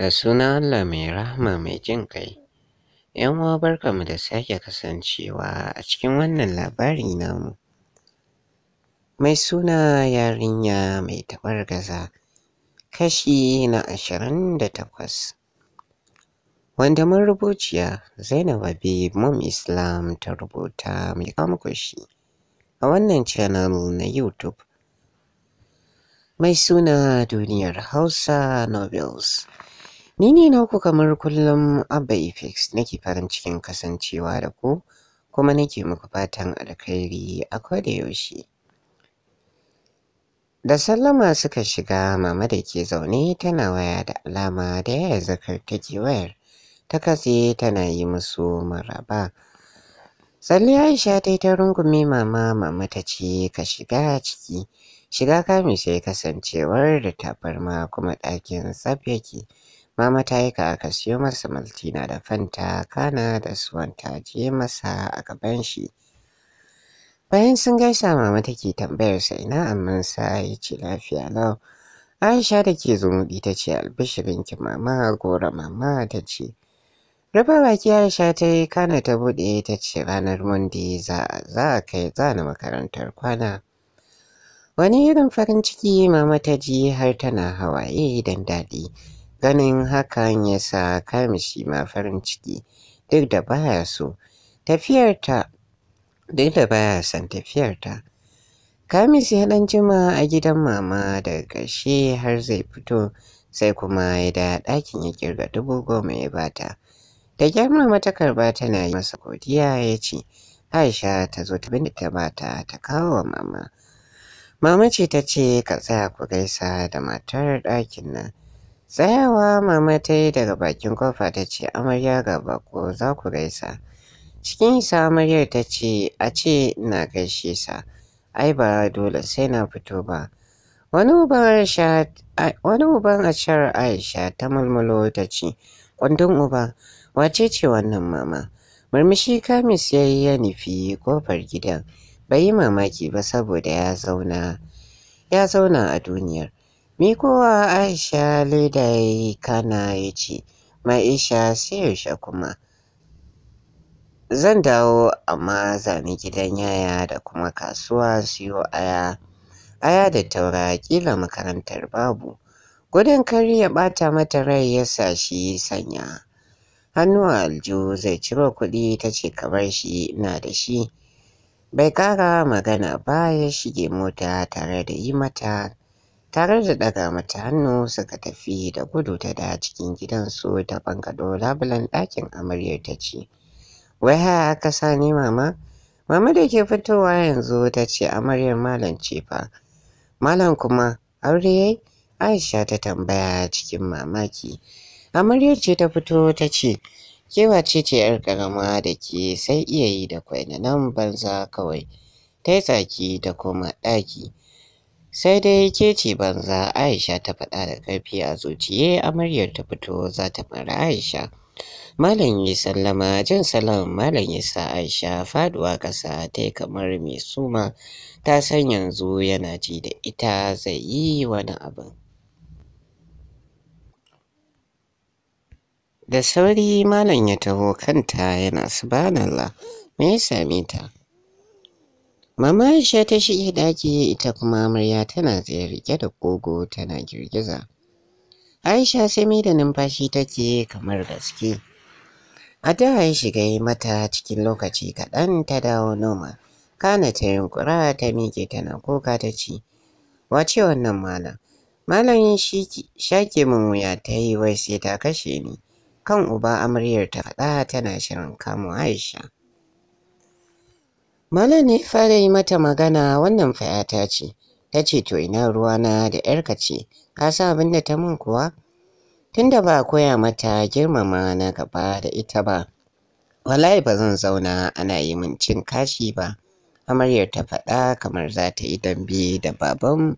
Da suna Allah mai rahama mai jin kai ‘Yan uwa barkanmu da sake kasancewa a cikin wannan labari namu. Mai suna yarinya mai taɓar gaza kashi na ashirin da takwas. Wanda marubuciya Zainab Habib Mom Islam ta rubuta mai kama shi a wannan channel na YouTube. Mai suna duniyar Hausa Novels. Ni ne na ku kamar kullum Abba nake farin cikin kasancewa da ku kuma nake muku fatan alkhairi a koda yaushe. Da sallama suka shiga mama da ke zaune tana waya da alama da yaya zakar take wayar ta katse tana yi musu maraba. Tsalli Aisha ta yi ta rungume mama mama ta ce ka shiga ciki shiga kami sai kasancewar da tabarma kuma ɗakin tsaf yake. Mama ta yi ka aka siyo masa maltina da fanta kana da suwan ta je masa a gaban shi. Bayan sun gaisa mama take tambayarsa ina sa ya ce lafiya lau. Aisha da ke zumuɗi ta ce albishirinki mama gora mama ta ce. Rufe baki Aisha ta yi kana ta buɗe ta ce ranar Monday za a kai za na makarantar kwana. Wani irin farin ciki mama ta ji har tana hawaye don daɗi. Ganin hakan ya sa kamishi ma farin ciki duk da baya so tafiyarta duk da baya son tafiyarta. Kamis ya dan jima a gidan mama daga ƙarshe har zai fito sai kuma ya da ɗakin ya kirga dubu goma ya bata. Da gyar mama ta karba tana yi masa godiya ya ce Aisha ta zo ta binne ta bata ta kawo wa mama. Mama ce ta ce ka tsaya ku gaisa da matar ɗakin nan. Tsayawa mama ta yi daga bakin kofa ta ce amarya ga bako za ku gaisa. Cikin isa amaryar ta ce a ce na gaishe sa ai ba dole sai na fito ba. Wani uban a shar Aisha ta mulmulo ta ce kwandon uba wace ce wannan mama. Murmushi kamis ya yi ya nufi kofar gidan bai yi mamaki ba saboda ya zauna a duniyar. kowa Aisha leda ya yi kana ya ce, Ma'isha sai yaushe kuma. Zan dawo amma zani gidan yaya da kuma kasuwa siyo aya. Aya da taura kila makarantar babu. Gudun kar ya ɓata mata rai ya sa shi sanya. Hannu aljo zai ciro kuɗi ta ce ka shi na da shi. Bai ƙara magana ba ya shige mota tare da yi mata tare da ɗaga mata hannu suka tafi da gudu ta da cikin gidansu ta bangado labulen ɗakin amaryar ta ce wai ha ka sa ni mama mama da ke fitowa yanzu ta ce amaryar malam ce fa malam kuma aure yayi aisha ta tambaya cikin mamaki amaryar ce ta fito ta ce kewa ce ce yar karama da ke sai iya yi da kwai da nan banza kawai ta yi tsaki ta koma ɗaki sai dai ke ce banza aisha ta faɗa da ƙarfi a zuciye amaryar ta fito za ta fara aisha malam yi sallama jin salam malam yi sa aisha faduwa ƙasa ta kamar mai suma ta san yanzu yana ji da ita zai yi wani abin da sauri malam ya taho kanta yana subhanallah me ya same ta Mama Aisha ta shige daki ita kuma amarya tana tsaye rike da kogo tana girgiza. Aisha sai mai da numfashi take kamar gaske. A da ya shiga yi mata cikin lokaci kaɗan ta dawo noma. Kana ta yunkura ta miƙe tana koka ta ce, Wace wannan malam? Malamin shaƙe min wuya ta yi wai sai ta kashe ni. Kan uba amaryar ta faɗa tana shirin kamo Aisha. Malam ne fara yi mata magana wannan fayata ce, ta ce to ina ruwana da ‘yarka ce, ka sa abin da ta mun kuwa? Tunda ba koya mata girmama na gaba da ita ba. Wallahi ba zan zauna ana yi min cin kashi ba, amaryar ta faɗa kamar za ta yi dambe da baban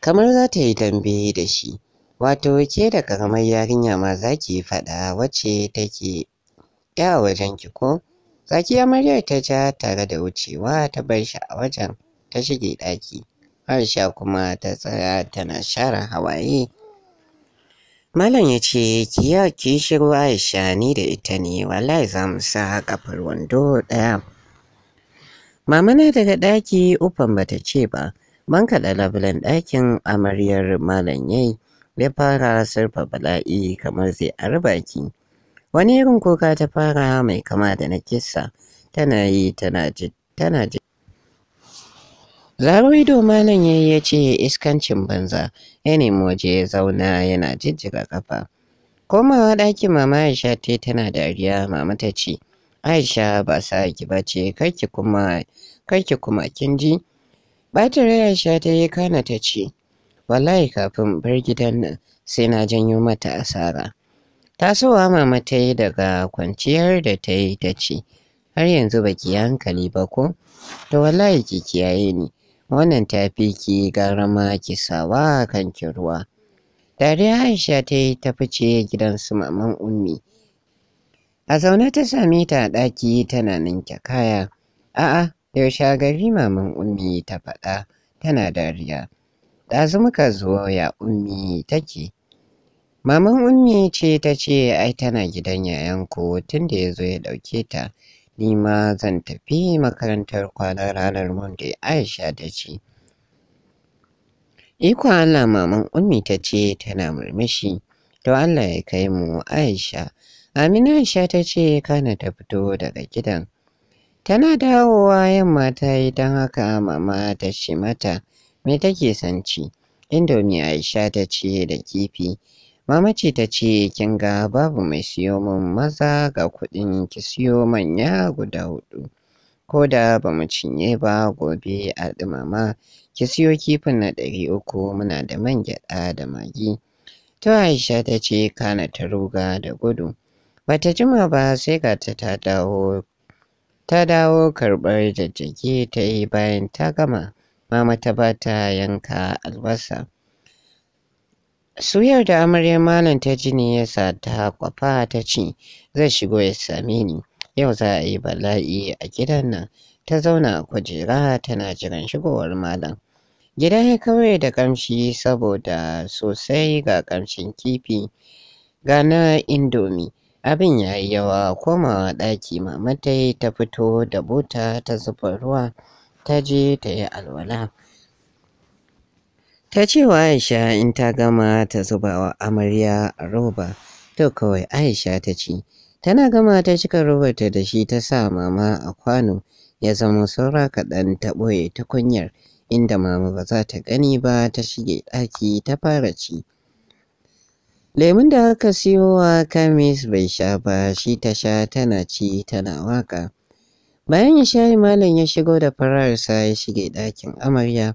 kamar za ta yi dambe da shi. Wato ke da ƙaramar yarinya ma za ki faɗa wacce take ya wajen ki ko? Tsaki amaryar ta ja tare da wucewa ta bar shi a wajen ta shige ɗaki. Aisha kuma ta tsaya tana share hawaye. Malam ya ce ki ya ki shiru Aisha ni da ita ne wallahi za mu sa kafar wando ɗaya. Mama na daga ɗaki ufan bata ce ba. Ban kaɗa labulen ɗakin amaryar malam yayi ya fara sarfa bala'i kamar zai arbaki. wani irin kuka ta fara mai kama da na kissa tana yi tana ji tana ji zaro ido malam yayi ya ce iskancin banza ya nemi waje ya zauna yana jijjiga kafa komawa ɗakin mama aisha te tana dariya mama ta ce aisha ba sa ki ba ce karki kuma kin ji ɓata aisha ta yi kana ta ce wallahi kafin bar gidan nan sai na janyo mata asara tasowa mama ta yi daga kwanciyar da ta yi ta ce har yanzu baki hankali ba ko to wallahi ki kiyaye ni wannan tafi ki gara ma ki sawa ki ruwa dariya aisha ta yi ta fice gidan su maman ummi a zaune ta same ta a ɗaki tana ninke kaya a'a yaushe gari maman ummi ta faɗa tana dariya ɗazu muka zo ya ummi take Maman Ummi ce ta ce ai tana gidan yayanku tun da ya zo ya ɗauke ta. Ni ma zan tafi makarantar kwana ranar Monday Aisha ta ce. Iko Allah maman Ummi ta ce tana murmushi. To Allah ya kai mu Aisha. Amina Aisha ta ce kana ta fito daga gidan. Tana dawowa yamma ta yi don haka mama ta ce mata me take son ci. Indomi Aisha ta ce da kifi. Mamaci ta ce kin ga babu mai siyo min maza ga kuɗin ki siyo manya guda hudu. Ko da ba mu cinye ba gobe a ɗumama ki siyo kifin na ɗari uku muna da man gyaɗa da magi. To Aisha ta ce kana ta ruga da gudu. Bata jima ba sai ga ta dawo ta dawo karɓar jajjage ta yi bayan ta gama mama ta ba ta yanka albasa. Suyar da amaryar malam ta ji ne ya sa ta kwafa ta ce zai shigo ya same ni. Yau za a yi bala'i a gidan nan. Ta zauna a kujera tana jiran shigowar malam. Gida ya kawai da kamshi saboda sosai ga kamshin kifi ga na indomi. Abin ya yi yawa komawa ɗaki mama ta ta fito da bota ta zuba ruwa ta je ta yi alwala. ta cewa Aisha in ta gama ta zuba wa amarya a roba to kawai Aisha ta ci tana gama ta cika robarta da shi ta sa mama a kwano ya zama saura kaɗan ta ɓoye tukunyar inda mama ba za ta gani ba ta shige ɗaki ta fara ci. Lemun da haka siyowa kamis bai sha ba shi ta sha tana ci tana waka. Bayan ya shayi malam ya shigo da fararsa ya shige ɗakin amarya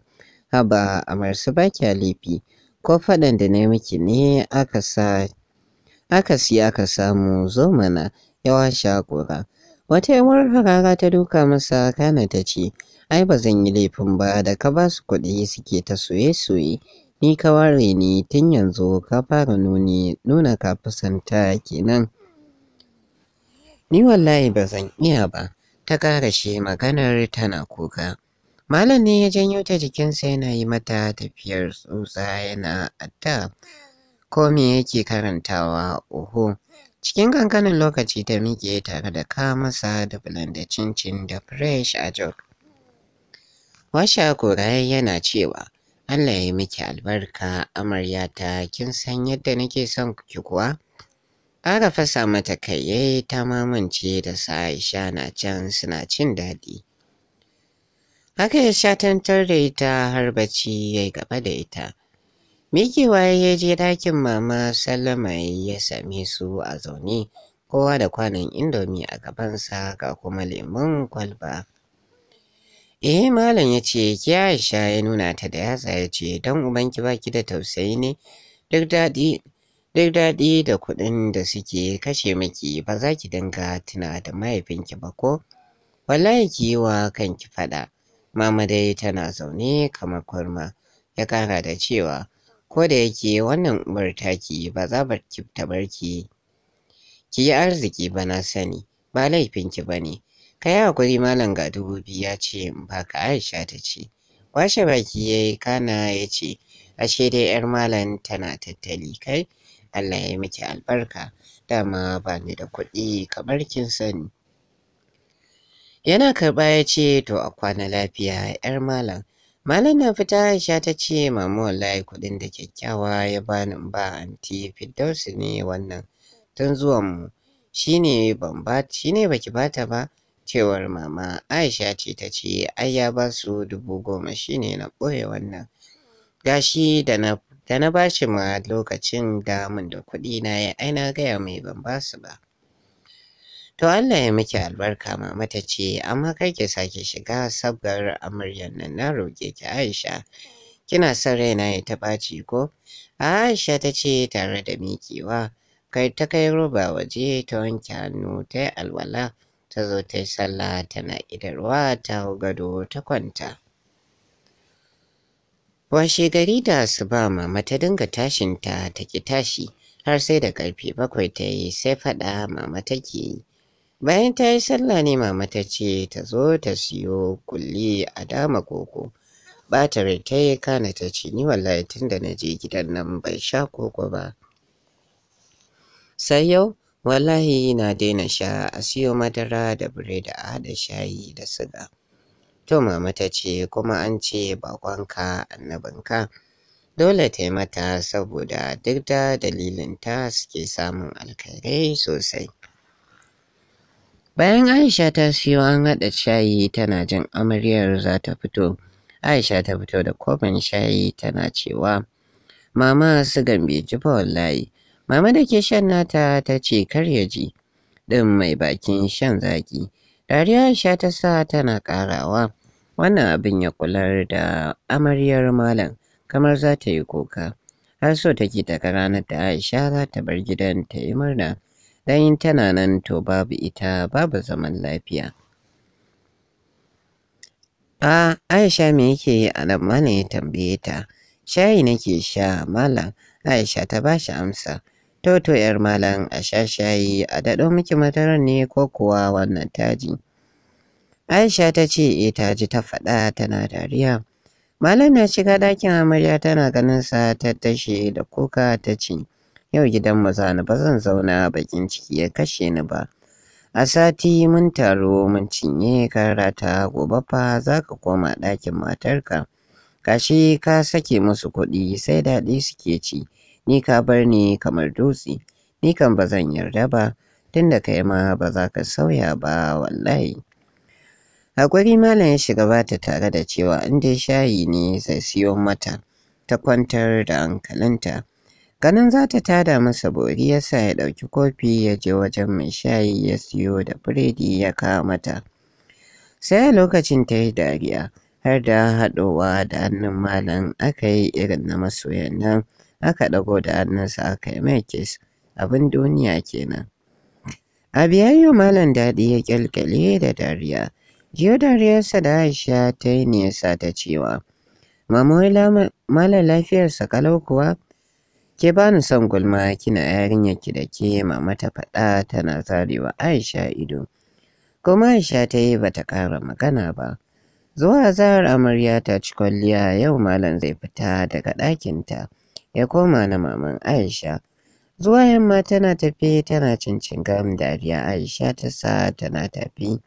Haba amarsu ba kya laifi, ko faɗan da na miki ne aka sa aka siya aka samu zo mana yawa shakura. Wata yawar harara ta duka masa kana ta ce, ai ba zan yi laifin ba da ka ba su kuɗi suke ta soye-soye, ni ka ware ni tun yanzu ka fara nuni nuna ka fusanta kenan. Ni wallahi ba zan iya ba, ta ƙarashe maganar tana kuka. Malam ne ya janyo ta jikinsa yana yi mata tafiyar tsutsa yana ta ko me yake karantawa oho. Cikin kankanin lokaci ta miƙe tare da kamasa da bulanda cincin da fresh a jok. Washa koraye yana cewa, Allah ya miki albarka amaryata kin san yadda nake son ki kuwa? Ƙara fasa mata kai yayi ta mamance da sa Aisha na can suna cin daɗi. Haka ya shatantar da ita har bacci ya yi gaba da ita. Mikewa ya je ɗakin mama salama ya same su a zaune kowa da kwanan indomi a gabansa ga kuma lemun kwalba. Eh malam ya ce ki Aisha ya nuna ta da yatsa ya ce don ubanki baki da tausayi ne duk daɗi duk daɗi da kuɗin da suke kashe miki ba za ki dinga tuna da mahaifinki ba ko wallahi ki yi wa kanki faɗa. Mama dai tana zaune kamar kurma ya kara da cewa, ko da yake wannan uwar taki ba za ta bar ki ki yi arziki ba na sani, ba laifinki ba ne. Ka yi hakuri malam ga dubu biyu ya ce ba ka Aisha ta ce. Washe baki ya yi kana ya ce, ashe dai 'yar malam tana tattali kai, Allah ya yi miki albarka, dama ba ni da kuɗi kamar kin sani. Yana karɓa ya ce to a kwana lafiya ‘yar malam. Malam na fita Aisha ta ce mamu wallahi kuɗin da kyakkyawa ya bani ba anti Firdausi ne wannan tun zuwan mu shine ban ba ne baki bata ba cewar mama Aisha ce ta ce ai ya ba su dubu goma shine na ɓoye wannan gashi da na da na bashi ma lokacin damun da kuɗi na ya ai gaya mai ban ba su ba. To Allah ya miki albarka mama ta ce amma kar ki sake shiga sabgar amaryar nan na roƙe ki Aisha. Kina son raina ya taɓaci ko? Aisha ta ce tare da miƙewa. Kai ta kai roba waje ta wanke hannu ta yi alwala ta zo ta yi sallah tana idarwa ta hau gado ta kwanta. Washe gari da su ba mama ta dinga tashinta ta ki tashi har sai da ƙarfe bakwai ta yi sai faɗa mama take yi. Bayan ta yi sallah ne mama ta ce ta zo ta siyo kulli a dama koko. ba ta ta yi kana ta ce ni wallahi tun da na je gidan nan bai sha koko ba. Sai yau wallahi na daina sha a siyo madara da biredi a haɗa shayi da siga. To mama ta ce kuma an ce bakonka annabinka. Dole ta yi mata saboda duk da dalilin ta suke samun alkhairai sosai. Bayan Aisha ta siyo an haɗa shayi tana jin amaryar za ta fito. Aisha ta fito da kofin shayi tana cewa, Mama sugan bai ji ba wallahi. Mama da ke shan nata ta ce kar ya ji. Ɗin mai bakin shan zaki, Dariya Aisha ta sa tana ƙarawa. Wannan abin ya kular da amaryar malam kamar za ta yi kuka. har so take ta ranar da Aisha za ta bar gidan ta yi murna. Dan in tana nan to babu ita babu zaman lafiya. A Aisha me yake yi a nan mana ya tambaye ta. Shayi nake sha malam Aisha ta ba shi amsa. to to ‘yar malam a sha shayi a daɗo miki madaran ne ko kuwa wannan taji. Aisha ta ce e ji ta faɗa tana dariya. Malam na shiga ɗakin amarya tana ganin sa ta tashe da kuka ta ce yau gidan mu zani ba zan zauna bakin ciki ya kashe ni ba. A sati mun taro mun cinye karata gobe fa za ka koma ɗakin matarka. Kashi ka sake musu kuɗi sai daɗi suke ci, ni ka bar ni kamar dutse, ni kan ba zan yarda ba, tunda kai ma ba za ka sauya ba wallahi. Hakuri malam ya shiga bata tare da cewa in dai shayi ne sai siyo mata, ta kwantar da hankalinta. Ganin za ta tada masa bori ya sa ya ɗauki kofi ya je wajen mai shayi ya siyo da biredi ya kawo mata. Sai lokacin ta yi dariya har da haɗowa da hannun malam aka yi irin na masoyan nan aka ɗago da hannunsa aka yi mai kes abin duniya kenan. A biyayyo malam daɗi ya ƙyalƙyale da dariya. Jiyo dariyarsa da Aisha ta yi nesa ta cewa, Mamoyi malam lafiyarsa kalau kuwa?' Ke bani son gulma kina yarinyar ki da ke mama ta faɗa tana zarewa Aisha ido. Kuma Aisha ta yi bata ƙara magana ba. Zuwa zahar amarya ta ci kwalliya yau malam zai fita daga ɗakinta ya koma na maman Aisha. Zuwa yamma tana tafi tana cincin gam dariya Aisha ta sa tana tafi.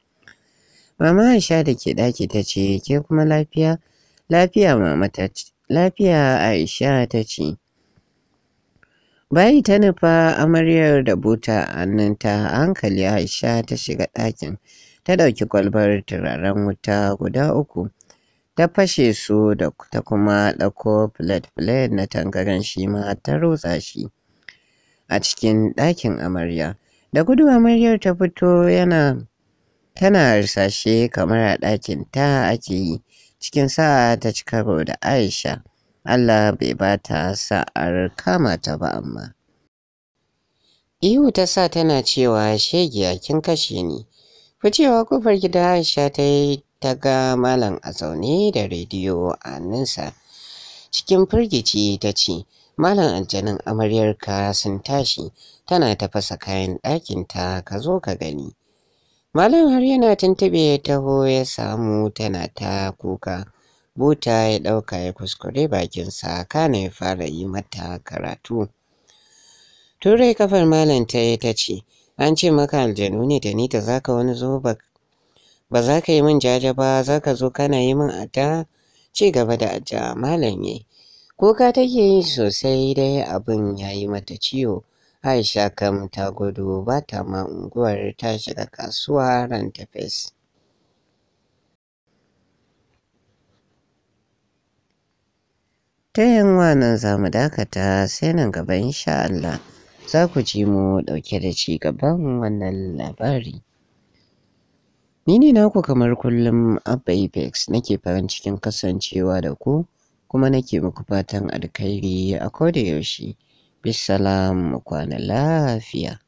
Mama Aisha da ke ɗaki ta ce ke kuma lafiya? Lafiya mama ta ce. Lafiya Aisha ta ce. Bayi ta nufa amaryar da buta a ta a hankali Aisha ta shiga ɗakin ta ɗauki kwalbar turaren wuta guda uku. ta fashe su da ta kuma ɗauko filet-filet na tangaran shi ma ta rotsa shi a cikin ɗakin amarya. Da gudu amaryar ta fito yana tana harsashe kamar a ɗakin ta ake yi cikin sa'a ta ci da Aisha. Allah bai ba ta sa'ar kama ta ba amma. Ihu ta sa tana cewa shegiya kin kashe ni. Ficewa kofar gida Aisha ta yi ta ga malam a zaune da rediyo a nisa. Cikin firgici ta ce, Malam aljanin amaryar ka sun tashi, tana tafasa kayan ɗakinta ka zo ka gani. Malam har yana tuntuɓe taho ya samu tana ta kuka. buta ya ɗauka ya kuskure bakinsa kana ya fara yi mata karatu turai kafar malam ta yi ta ce an ce maka aljanu ne da ni ta zaka wani zo ba za ka yi min jaja ba za ka zo kana yi min adda ci gaba da adda malam Koka kuka take yi sosai dai abin ya yi mata ciwo aisha kam ta gudu ba ta ma unguwar ta shiga kasuwa ran ta fes ta yanwa nan za mu dakata sai nan gaba insha Allah za ku ji mu ɗauke da ci gaban wannan labari. Ni ne naku kamar kullum Abba Apex nake farin cikin kasancewa da ku kuma nake muku fatan alkhairi a koda yaushe. Bisalam kwana lafiya.